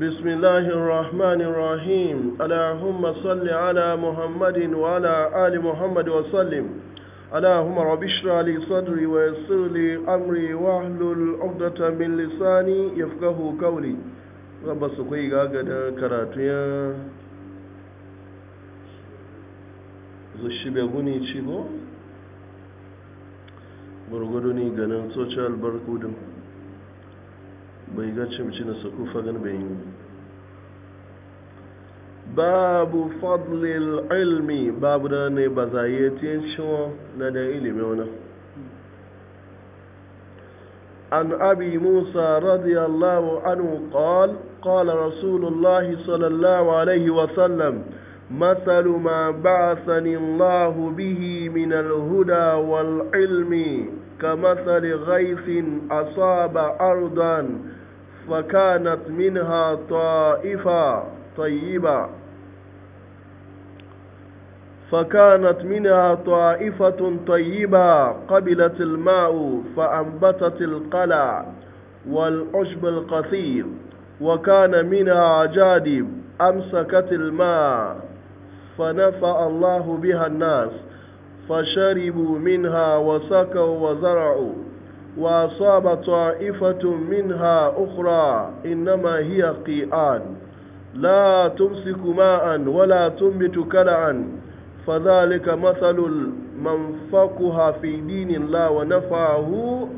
بسم الله الرحمن الرحيم اللهم صل على محمد وعلى آل محمد وسلم اللهم رب اشرح لي صدري ويسر لي أمري واحلل عقدة من لساني يفقه قولي رب سكوي غاغدا كراتيا زشبغوني تشيبو برغدوني غنن سوشال بركودن bai ga cimci na suku fagen bai yi babu fadlil ilmi babu da ne ba na da ilimi wani عن أبي موسى رضي الله عنه قال قال رسول الله صلى الله عليه وسلم مثل ما بعثني الله به من الهدى والعلم كمثل غيث أصاب أرضا فكانت منها طائفة طيبة فكانت منها طائفة طيبة قبلت الماء فأنبتت القلع والعشب القثير وكان منها جادب أمسكت الماء فنفع الله بها الناس فشربوا منها وسكوا وزرعوا وأصاب طائفة منها أخرى إنما هي قيآن لا تمسك ماء ولا تنبت كلعا فذلك مثل من فقه في دين الله ونفعه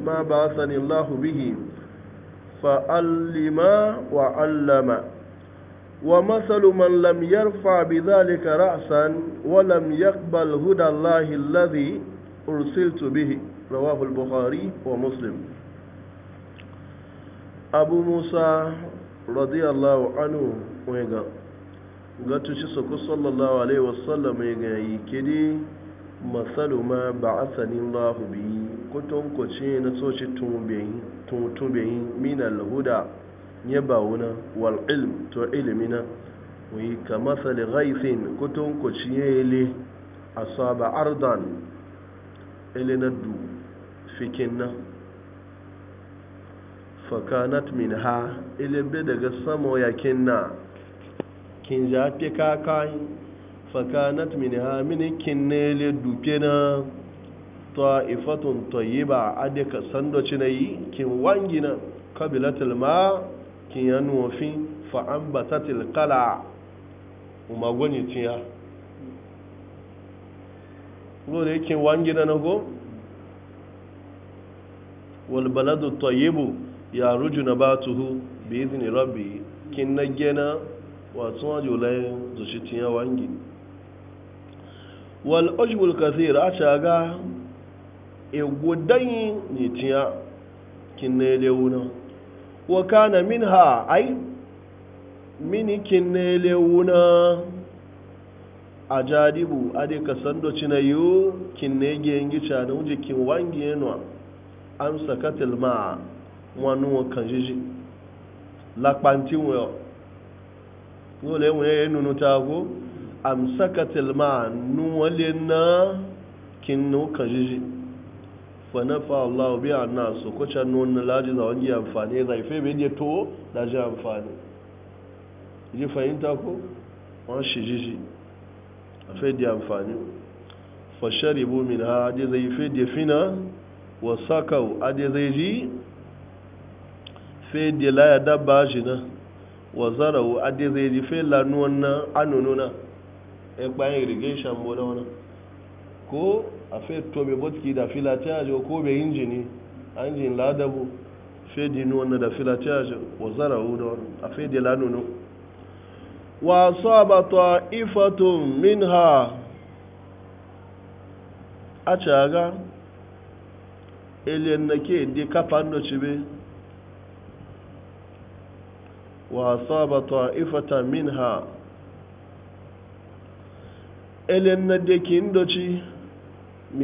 ما بعثني الله به فعلم وعلم ومثل من لم يرفع بذلك رأسا ولم يقبل هدى الله الذي أرسلت به رواه wa ومسلم abu musa radiyallahu anhu wega gatuci suku sallallahu alaihi wasallam ya yi kidi masalu ma ba'athani Allah bi kutun na soci tumbeyin min al-huda ya bawuna wal ilm to ilmina wi ka masali ghaithin kutun kuce yele asaba ardan ilina du fikin nan fakanat min ha ilimbe daga samo yakin na kin jafi kakai fakanat min ha mini kin ne le duke na ta'ifatun tayyiba adika sandoci na yi kin wangina kabilatul ma kin ya nufi fa'ambatatil kala umagwani tiya lori kin wangina na go walbaladu tayyibu ya ruju na batuhu bi izini rabbi kin na gena wasu wajo layin zuci tiya wangi wal ujbul kathir a shaga ego danyi ne tiya kin na waka na min ha ai mini kin na lewuna a jadibu ade ka sando cinayo kin ne gengi cha da wuje kin wangi amsakatil ma'a wani kan jiji lakpanti wuyo dole wuye ya nunu tago amsakatil ma'a nuwale na kinu kan jiji fa na fa Allah bi anna su kuce nuna laji za wani amfani zai fe bai je to da ji amfani ji fahimta ko wani shi jiji a di amfani fa sharibu min ha ji zai fe di fina wasakau ade zai ji fe de la ya dabba shi na wa zarau ade zai fe la nuwanna anununa e gbayin irrigation bo na. ko a fe to me botki da fila ta ko be injini anjin ladabu fe di nuwanna da fila ta wa zarau da wani a fe de la nunu wa saba ta'ifatun minha a caga ilin na ke di kafan da cibe wa asaba ta'ifata minha alien na da ke indoci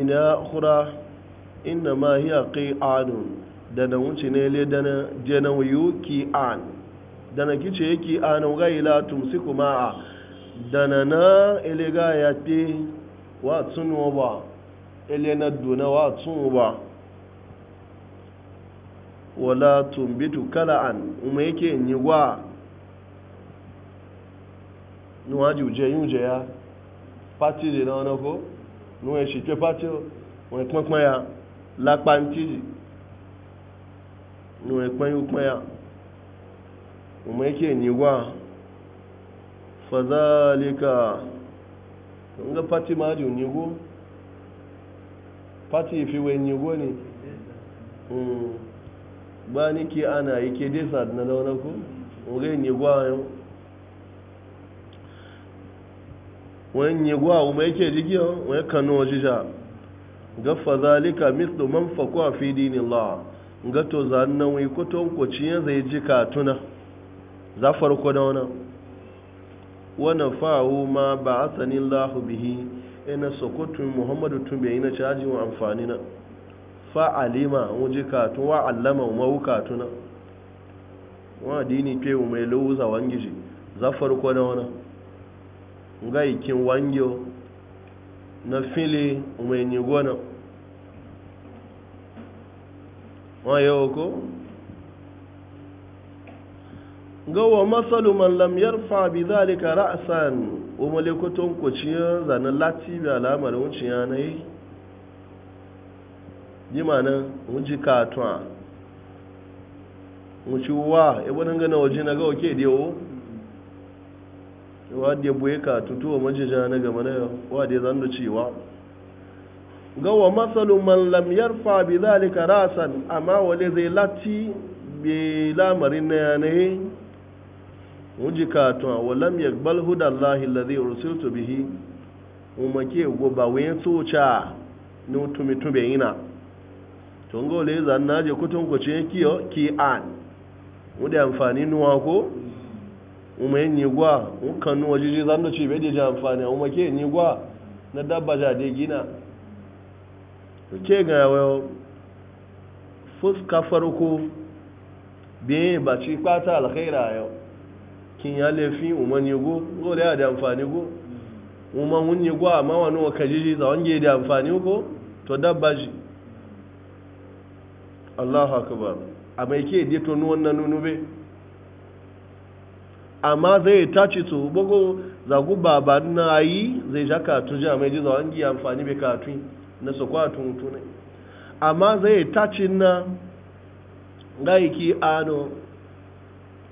ya kura inna ma hiya qi'anun da na wuce ne le da na je na wuyu qi'an da na kice yake anu gaila kuma ma'a da na na ile ga ya fi wa tunuwa ba ile na duna wa tunuwa ba wala tumbitu kala'an umma yake yi wa nuwa juje yi uje ya pati de na ọ̀nà kó nuwa ìṣìṣẹ́ pati o wọn pínpín ya lápá ń tíjì nuwa ìpín yóò pín ya umma yake yi wa fadhalika nga pati ma ju ni go pati fi ni go ni mm. ba nike ana yi ke dai sa na launa ko oge nye gwa yo wen nye gwa o mai ke jigi yo kano kanu jija ga fadhalika mithlu man faqwa fi dinillah ga to zanna wi ko ton ko ya zai ji ka tuna za farko da wannan wa nafa'u ma ba'athani Allah bihi ina sokotu Muhammadu tumbe na caji wa amfani na fa'alima wuje katun wa allama umaru katuna wa dini ke mai lauza wangiji za zafar na wani ga ikin wangiyo na fili mai nigona wa yau ko ga wa matsalu man lam yarfa bi zalika ra'san umalikutun kuciyar zanen lati bi alamar wuciya na yi bi ma'ana wuce katuwa wuce wa ya e nan gana waje na gawa ke dewo wa da buye ka tutuwa majija na gama na wa da zan da cewa gawa matsalu man lam yarfa bi zalika rasan amma wale zai lati bi lamarin na yanayi wuce katuwa wa lam yakbal allahi allazi ursiltu bihi umake go ba wayan tsoca ni tumi tumi yana tungo le zan na je kutun ku ce kiyo ki an da amfani nuwa ko umma yin gwa kan nuwa jiji zan da ce bai je amfani umma ke yin gwa na dabba ja de gina to ke ga wayo fuska farko bi ba ci kwata alkhaira yau kin ya lefi umma ni go go le da amfani go umma hun ni gwa ma wani wa kajiji za wange da amfani ko to dabba ji allahu akbar a mai ke dai to wannan nunu amma zai tace to bugo zagu baba na yi zai ja katu ja mai ji zawan giya amfani be katu na su kwatun tunai amma zai tace na gai ki ano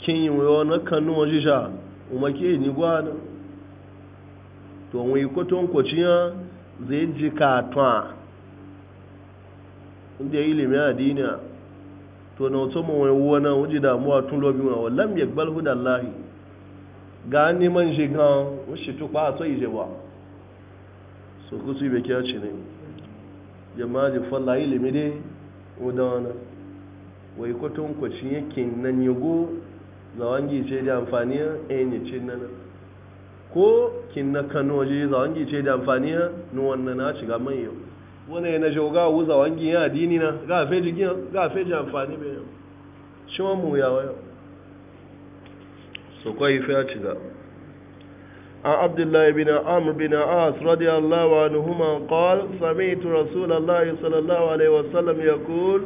kin yi wani kanu waje sha umake ni gwana to wai kwaton zai ji katuwa ndị ilimin addini to na wato mu wai wona wuji damuwa tun lobi wa wallam yakbal hudallahi ga an man shi ga wushi to kwa to ije ba so ku su be kiyace ne jama'a ji falla ilimi dai wadana wai ko tun ko shi yake nan yago zawangi ce da amfani eh, ce nan ko kin na kanoje zawangi ce da amfani nuwan na shiga yau wani yana jau ga wuza wangi ya dini na ga feji gina ga feji amfani bai yau shi wa mu yawa yau so kwa yi fiya ci ga an abdullahi bin amr bin as radiyallahu anhuma qal sami'tu rasulullahi sallallahu alaihi wasallam yaqul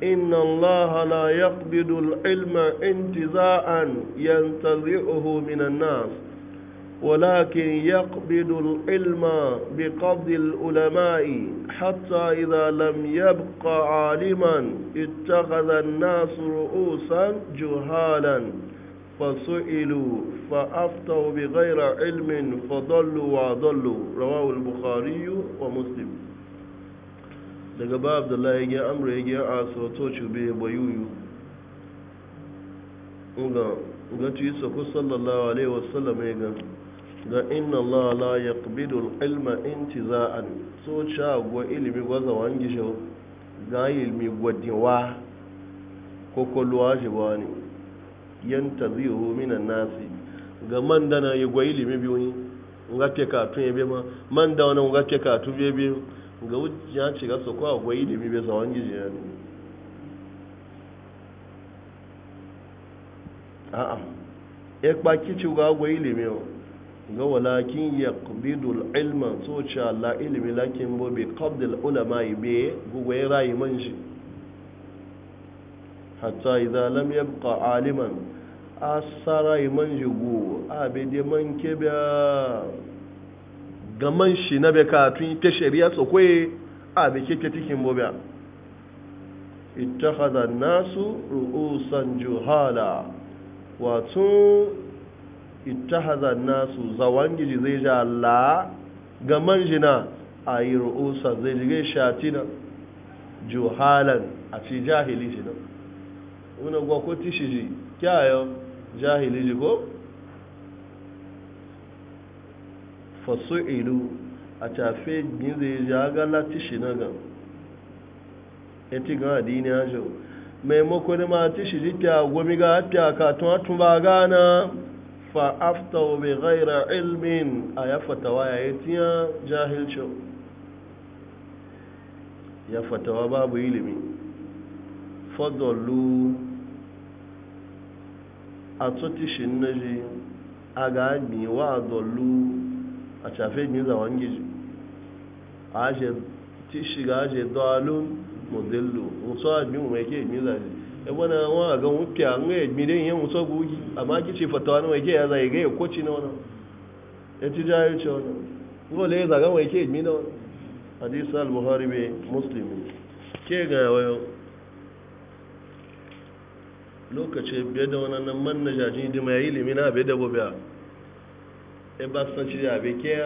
إن الله لا يقبض العلم انتزاعا ينتزعه من الناس ولكن يقبض العلم بقبض العلماء حتى إذا لم يبق عالما اتخذ الناس رؤوسا جهالا فسئلوا فأفتوا بغير علم فضلوا وضلوا رواه البخاري ومسلم daga ba abdullahi ya gyan amur ya gyan aso to cube bayuyu ga gatu yi sako sallallahu alaihi wasallam ya gani ga inna Allah la yaqbidu al-ilma intiza'an so cha go ilimi gwaza wangi sho ga ilimi gwadiwa ko kwalluwa shi ba yan ta yantazihu minan nasi ga man dana ya yagwa ilimi biyu ni ga ke katun ya ebe ma man da wani nga ke katun ya be biyu ga wuciya ce ga so ko agwa ilimi be za wangi je ni a'a ya pa kici ga agwa ilimi o ga walakin ya kubidul so tsoci Allah ilimi lakin bobe kabdil qabdil ulama ibe gugwe ya man shi hatta idza lam buka aliman rayu man shi go abede man kebe ga man shi na be ka yi ta shari'a tsokwe abe keke tikin bo biya ittakhadha an-nasu ru'usan juhala wato ittahaza nasu zawangiji zai ja la ga manjina a yi ru'usa zai jige shatina juhalan a ci jahili jina wani gwakwa tishi ji kyayo jahili ji ko fasu ilu a tafe gin zai ja gala tishi na gan eti gan adini ajo maimakon ma tishi ji ta gomi ga tun ba gana fa'aftau bi ghaira ilmin a ya fatawa ya yi tiya jahilcin ya fatawa babu ilimi fadallu a tutishin naji a ga wa adallu a cafe giza wangiji a ashe tishi ga ashe dalun modillu mutu a biyu mai ke giza ji da e wani wa ga wufi a e ga yadda midan yan wusa gogi amma ki ce fata wani mai ke ya zai gaya ya koci na wani ya ci jayo ce wani gole ya zaga mai ke yadda midan wani hadisi al-buhari mai muslimi ke ga wayo lokaci biya da wani nan man na jajin da mai ilimi na bai da bobe a e ba san ci da bai ke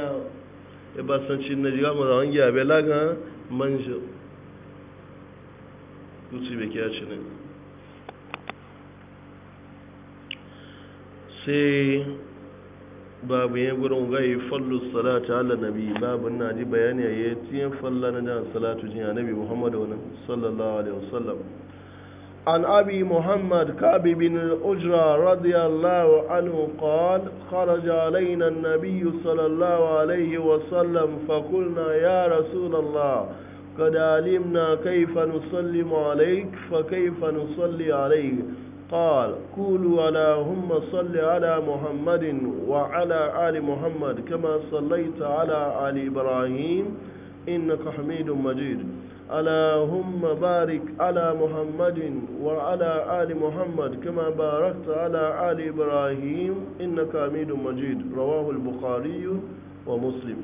e ba san ci na jiwa mu zawon giya bai lagan manjo Kutu bai ke ci ne sai babu yin gurin gai fallu salatu ala nabi babu na ji bayani a yi tiyan falla na jan salatu jin nabi muhammadu wani sallallahu alaihi wasallam عن أبي محمد كعب بن الأجرة رضي الله عنه قال خرج علينا النبي صلى الله عليه وسلم فقلنا يا رسول الله قد علمنا كيف نسلم عليك فكيف قال قولوا اللهم صل على محمد وعلى آل محمد كما صليت على آل إبراهيم إنك حميد مجيد اللهم بارك على محمد وعلى آل محمد كما باركت على آل إبراهيم إنك حميد مجيد رواه البخاري ومسلم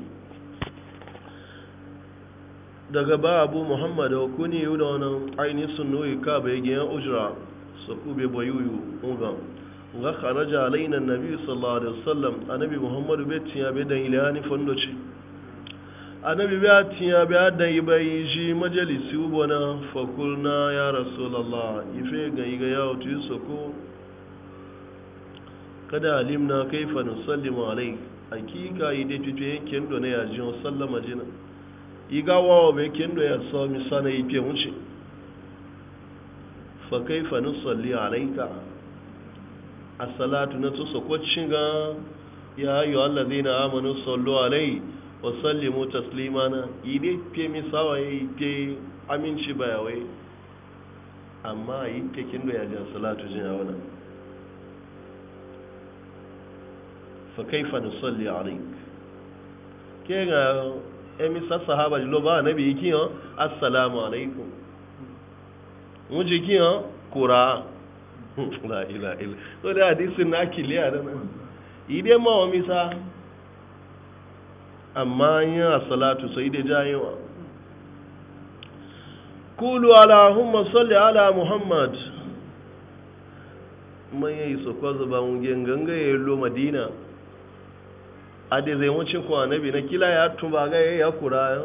daga ba abu muhammad kuni yi da wani ainihin sunuyi ka bai giyan ujira sakube yi unga nga kharaja alaina nabi sallallahu alaihi wasallam annabi muhammadu be tiya be dan ilani fondoci annabi be tiya be dan bai ji majalisi ubona fakulna ya rasulullah ife ga iga yawo otu soko kada alimna kaifa nusallimu alaik hakika ide tutu kendo ne ya wa sallama jina igawa be kendo ya so mi sana ipe wuce fa kaifa nusalli alayka as-salatu na tuso ko cinga ya ayu allazina amanu sallu alayhi wa sallimu taslimana ide pe mi sawaye pe aminci bayawai amma yi pe da ya jan salatu jin ya wannan fa kaifa nusalli alaik. ke ga emi sa sahaba lo ba nabi kiyo assalamu alaikum wọ́n jẹ́ kí hàn kóra láìláìlá tó náà kìlẹ̀ àdáná ìdí mọ́ wọn mísá àmá yán àsàlátù sọ ìdí jáyé wọn kúlù aláhùnmà sọ́lẹ̀ alá muhammad manyan yi zuba wungen ganga ya lo madina a da zai na na kila ya tuba ga ya kura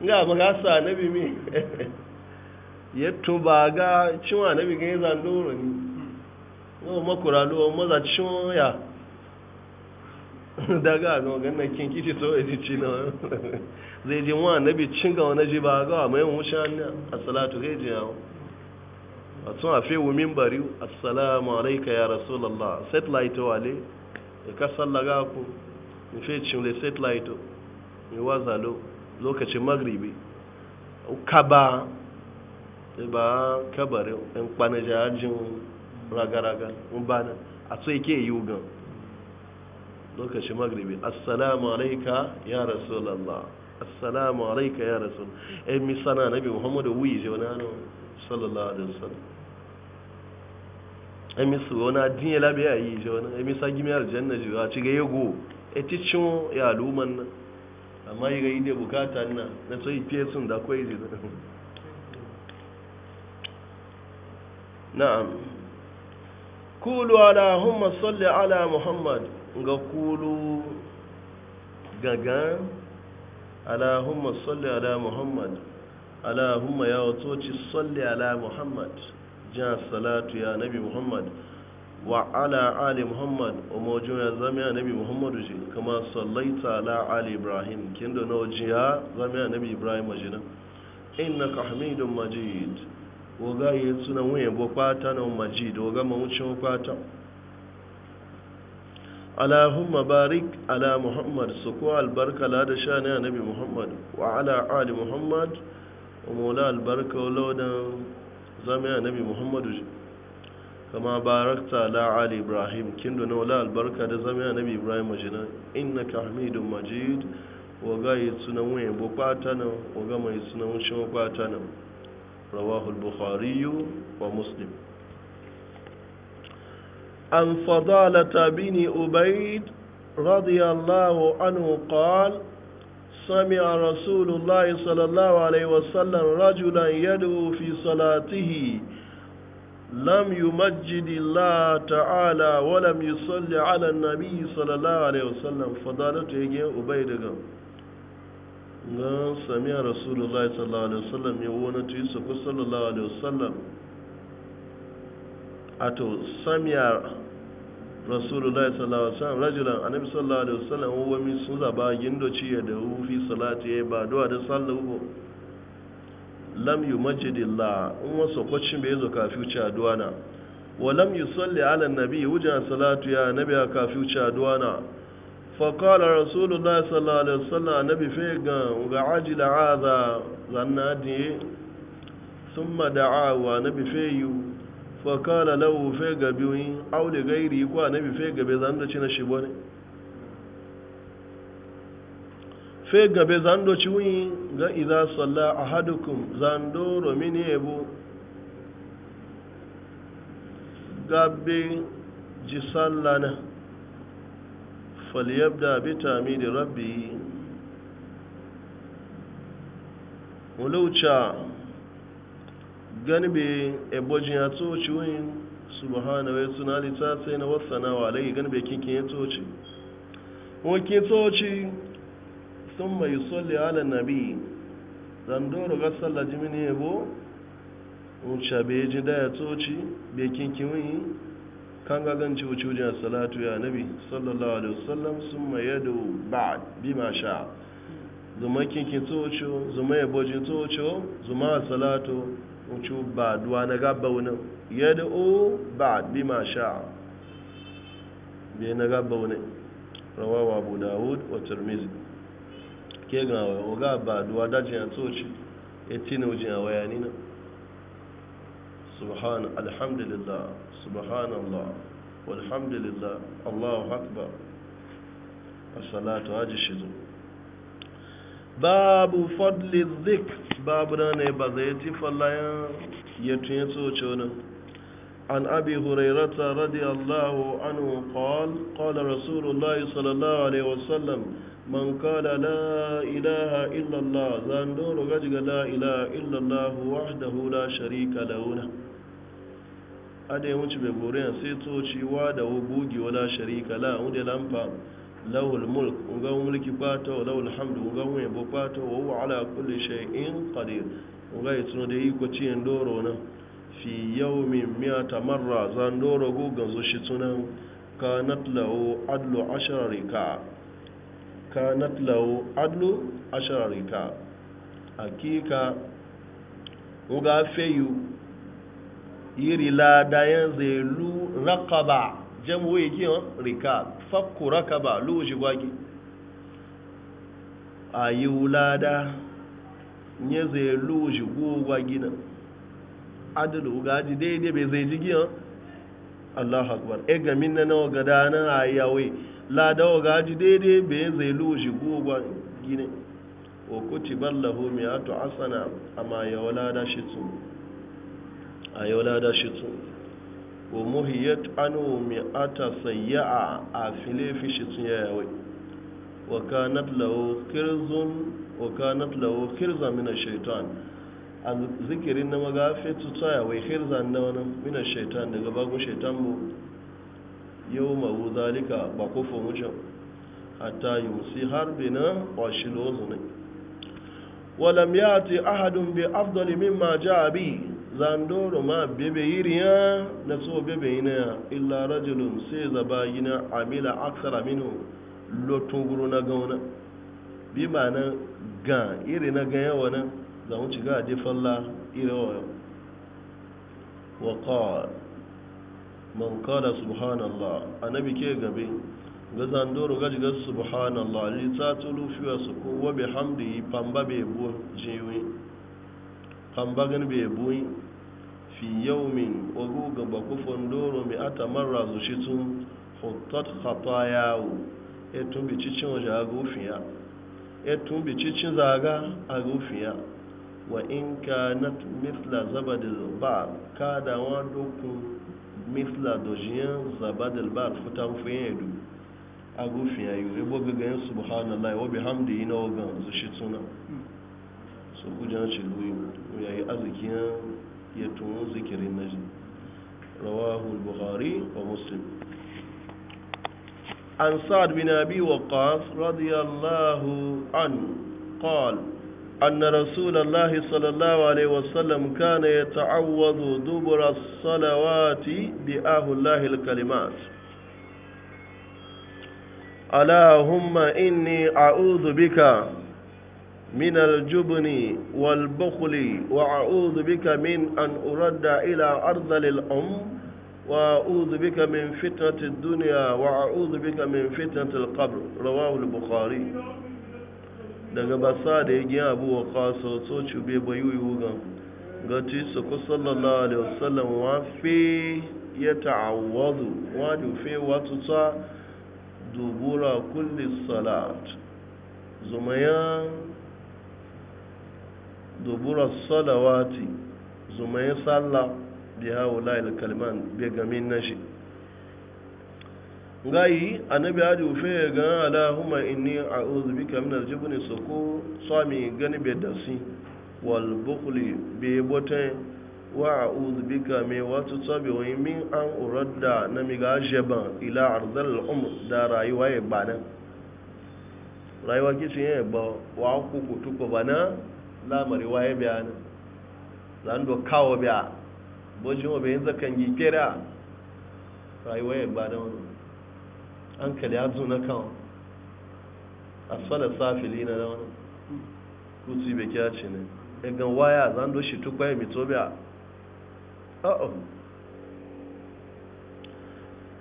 ga na bi mi yato ba ga cinwa na bigan zan zandoro ne yau makura lowa maza cinwa ya daga ga ganin kinkiti kici so ya ci na zai ji wa bi cin ga wani ji ba ga wa mai wuce a salatu zai ji yawo a tun a fi wumin bari a assalamu alaika ya rasulallah satellite wale ya ka sallaga ku in fi cin le satellite ya wazalo lokacin magribi ka ba ba a yan kwana jajin ragaraga raga ba na a tsaye ke yi ugan lokacin magribi assalamu alaika ya rasulallah assalamu alaika ya rasul emi mi sana nabi muhammadu wuyi je wani hannu sallallahu alaihi wasallam e mi su wani adin ya labe ya yi je wani e mi sa gimi aljanna je a ci ga yago e ti cin ya amma yi ga yi da bukata na so tsaye fiye sun da je na'am kulu allahumma salli ala muhammad ga kulu gaga allahumma salli ala muhammad allahumma ya wato ci salli ala muhammad jan salatu ya nabi muhammad wa ala ali muhammad umojin ya zama ya nabi muhammadu ce kama sallaita ala ali ibrahim kinda na wajiya zama ya nabi ibrahim majina ka hamidun majid woga yi suna wuye bo kwata na majid woga mawucin kwata allahumma barik ala muhammad su ko albarka la da sha ne nabi muhammad wa ala ali muhammad wa maula albarka laudan zama ya nabi muhammadu kama barakta ala ali ibrahim kin da naula albarka da zama ya nabi ibrahim majina ka hamidun majid woga yi suna wuye bo kwata na woga mai suna wucin kwata na رواه البخاري ومسلم عن فضالة بن أبيد رضي الله عنه قال سمع رسول الله صلى الله عليه وسلم رجلا يدعو في صلاته لم يمجد الله تعالى ولم يصلي على النبي صلى الله عليه وسلم فضالته يجي أبيد قال na samiya rasulullahi sallallahu alaihi wasallam ya wani tuyi ku sallallahu alaihi wasallam a to samiya rasulullahi sallallahu alaihi wasallam rajulan nabi sallallahu alaihi wasallam wa mi sun zaba ci ya da hufi, salati ya ba duwa da sallahu lam yumajjidillah in wasu kwacin bai zo kafi wuce duwana wa lam salli ala nabi wujen salatu ya nabi a kafi wuce duwana fakola rasulullah sallallahu alaihi wasallam annabi fe ga ga ajila hadha zanna di thumma da'a fakola lahu fe ga biyin aule gairi ko annabi fe ga be zanda cin shi bone fe ga be zando ga idza salla ahadukum zando romini ebu gabbe ji falyabda bi tamidi rabbi wulauca gani be ebojin ya toci wani subhanahu wa suna lita sai na wasana wa alai gani be kinkin ya toci wakin toci sun mai tsalli ala nabi zandoro ga sallah jimini yabo wuce be ji da ya toci be kinkin wani kan gagan a salatu ya nabi sallallahu alaihi wasallam sun ma yadda ba'ad bi ma sha zuma kinkin tsoco zuma yabojin tsoco zuma a salatu ucu ba duwa na gaba wani yadda o ba'ad bi ma sha bi na gaba wani rawawa abu dawud wa turmizi. ke gawa oga ba duwa dajin ya tsoci ya tina wujin a wayanina subhan alhamdulillah subhanallah walhamdulillah allahu akbar as-salatu shizu babu fadli zik babu na ne ba zai ti fallayan ya tunye tsoce wani عن أبي هريرة رضي الله عنه قال قال رسول الله صلى man عليه وسلم من قال لا إله إلا الله ذا نور لا إله إلا الله ada yi wuce bai boriyan sai toci wa da bugi wala sharika la wunde lamfa lawul mulk unga mulki kwato lawul hamdu unga wuye bo kwato wa huwa ala kulli shay'in qadir unga yitsuno da iko ciyen doro na fi yawmin mi'ata marra zan doro go ganzo shi tunan kanat lahu adlu ashara rika kanat lahu adlu ashara rika hakika unga feyu yiri lada ya zai lu rakaba jamu yi kiyan rika fakku rakaba lu shi gwagi a yi wulada ya zai lu shi gwagi nan adalu gaji daidai bai zai ji giyan allah akbar e ga min na nawa gada nan a yawai lada wa gaji daidai bai zai lu shi gwagi ne wa kuti ballahu mai ato asana amma ya wulada shi tsoro a yau lada shi tun wa muhiyyat anu ata sayya'a a filifi shi tso ya yawai wa ka na kirzun kirza mina shaitan a zikirin na magafe tuta ya wai kirza na wani mina shaitan daga bagun shaitan mu yau mawu zalika ba kofa mucin hatta yumsi na wa lozu ne ولم يأتي أحد بأفضل مما جاء bi zandoro ma bebe yiriya na so bebe ya illa rajulun sai zaba na amila aksara minu lotoguru na gauna bi ma na ga iri na ga yawa na za mu ci ga je falla iri wa wa qala man qala subhanallah annabi ke gabe ga zandoro gaji ga subhanallah li tatulu su kowa bai hamdi bihamdihi pamba be bo jiwi kambagan bai buyi fi yaumin ogu gaba kufon doro mai ata mara zuci tun hotot hapa yawo etun bi cicin waje a gofiya etun bi cicin zaga a gofiya wa in ka na misla zabadil ba ka da wa dokun misla dojiyan zabadil ba futan fiye edu a gofiya yiwu ebo gagayen subhanallah wa hamdi yi na ogan zuci tunan. su kujan shirin yayi arzikin ya tun zikirin naji rawahul buhari wa muslim an sa'ad bin abi waqas radiyallahu an qal anna rasulallahi sallallahu alaihi wasallam kana yata'awwadhu dubura salawati bi ahullahi alkalimat alahumma inni a'udhu bika من الجبن والبخل وأعوذ بك من أن أرد إلى أرض الأم وأعوذ بك من فتنة الدنيا وأعوذ بك من فتنة القبر رواه البخاري دعنا بساد يجي أبو وقاص وصوتش بيبيو يوغن قتل سكو صلى الله عليه وسلم وفي يتعوض وادي في وطسا دبور كل الصلاة زميان dubura salawati zumayin sallah da hawa layil kalman bai gamin na shi gayi annabi hadi ufe ga allahumma inni a'udhu bika min al-jibni suku sami gani bai dasi wal bukhli bai bote wa a'udhu bika me watu tabi wa min an uradda na mi ga ila ardal umr da rayuwa ya bana rayuwa kici ya ba wa ku kutu ko bana lamari waye bayanin zan do kawo biya bojin wa yin zakan yi kera rayuwa ya ba da wani an kali ya zo na kawo asfala safili na da wani kutu bai kya ce ne egan waya zan do shi tukwa ya mito biya uh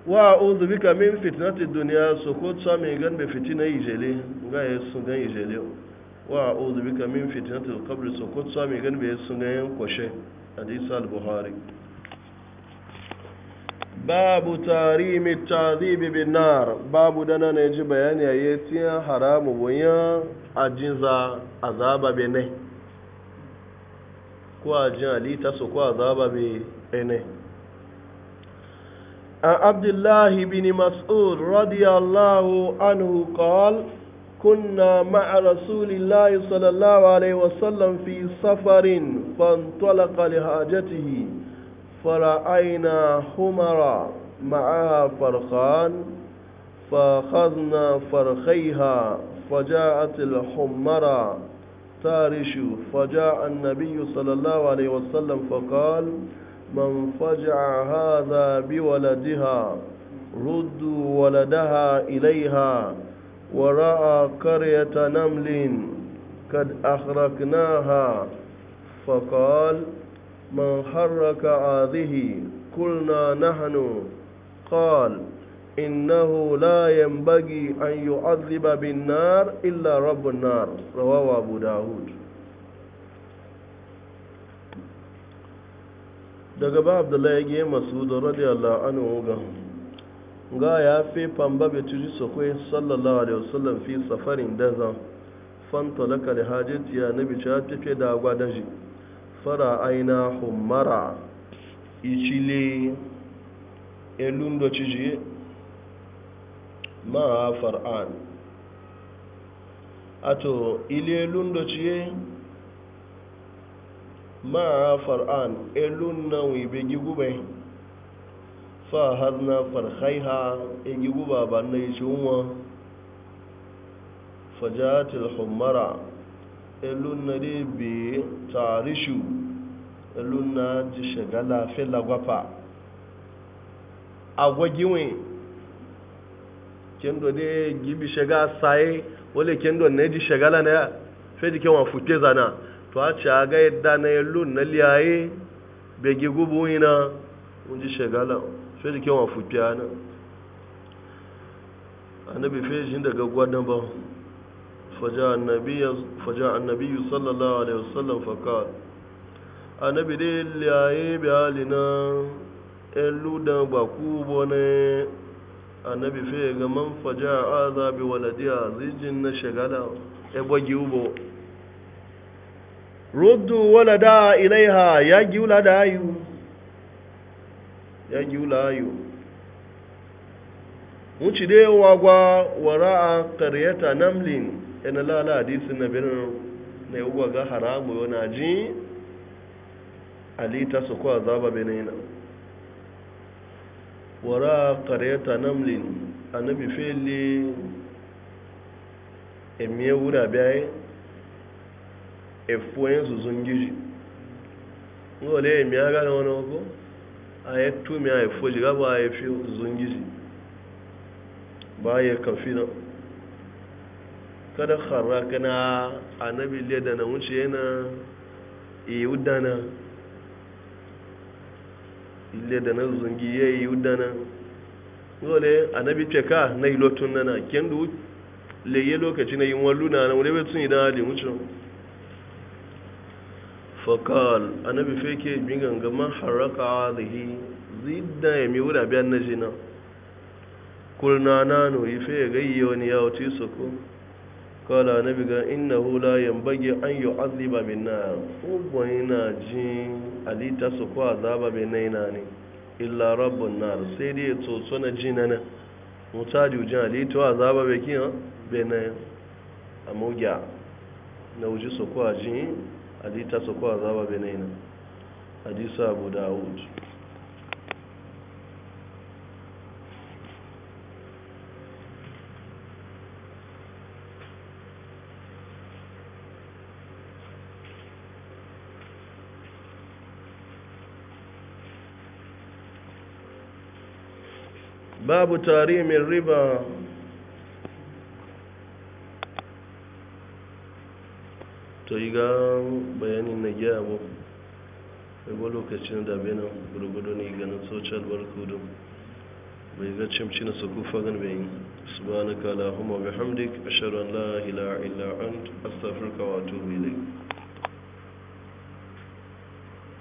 wa uzu bika min fitnati duniya so ko mai gan be fitina ijele ga sun gan ijele wa a'udhu bika min fitnatil qabr sokot sami gan be sun yan kwashe hadisi al-buhari babu tarimi tazibi bin nar babu dana ne ji bayani a yetiya haramu bonya ajinza azaba be ne ko ajin alita so ko azaba be ene عن عبد الله بن مسعود رضي الله عنه قال كنا مع رسول الله صلى الله عليه وسلم في سفر فانطلق لحاجته فرأينا حمرا معها فرخان فأخذنا فرخيها فجاءت الحمرة تارش فجاء النبي صلى الله عليه وسلم فقال من فجع هذا بولدها ردوا ولدها إليها ورأى قرية نمل قد أخرقناها فقال من حرك هذه قلنا نحن قال إنه لا ينبغي أن يعذب بالنار إلا رب النار رواه أبو داود daga ba abdullahi ya ge masu da radiyallahu anhu ga ga ya fi famba bai turi su kwai sallallahu alaihi wasallam fi safarin daza fanta laka da hajjetiya na bici ta tafiye da agwa daji fara aina humara ichile elun da ciji ma far'an ato ile elun da ciye ma far'an elun na wibe gigubai fa har na farhaiha in yi guba ba na yi ciwuwa fajatil humara ilun na dai bi tarishu ilun na ji shagala fi lagwafa agwagiwe kendo dai gibi shaga saye wale kendo na ji shagala na fi jikin wa fute zana to a ci a ga yadda na ilun na liyaye bai gi gubu na kun ji shagala fe jikin wa fufiya nan annabi fai shi daga gwadon ba faja annabi sallallahu alaihi wasallam A annabi dai liyaye bi halina elu da baku bone annabi fe ga man faja azabi waladiya zijin na shagala ebo ubo ruddu walada ilaiha ya giula da ayu ya gi ụlọ ayo wucide wagwa wara a namlin yana lala na birnin na yi ga haramu yana ji alita su kuwa zaba benin wara a karyata namlin annabi fili emiye wura biyayi efuwe su zungiji ngole emiye gane wani ogo a ya tumi a ya foji gaba a ya fi zungiji ba ya kafi na kada kharra kana a le da na wuce yana iyu dana ile da na zungi ya iyu dana gole a ce ka na ilotun nana kendo le ye lokaci na yin walluna na wani betun idan halin wucin fakal annabi fake bingan gaman haraka hadhihi zidda ya mi wuda biyan na jina kulna nano ife gayyo ni ya wuce su ko kala annabi ga innahu la bage an yu'adhiba min na, ubwa ina jin alita su ko azaba be na ne illa rabbun nar sai dai to sona ji na mutaji jin alita azaba be kin be na amugya na uji su a ajin hadita su kuwa zaba benin hadisa abu dawud babu tarimin riba to yi ga bayanin na giya mu ɗago lokacin da benin gurgudu ne ganin social barkudu bai ga cimci na suku fagen bai yi subhanaka na kala ashhadu an a sharon illa ila'ant a safirka wato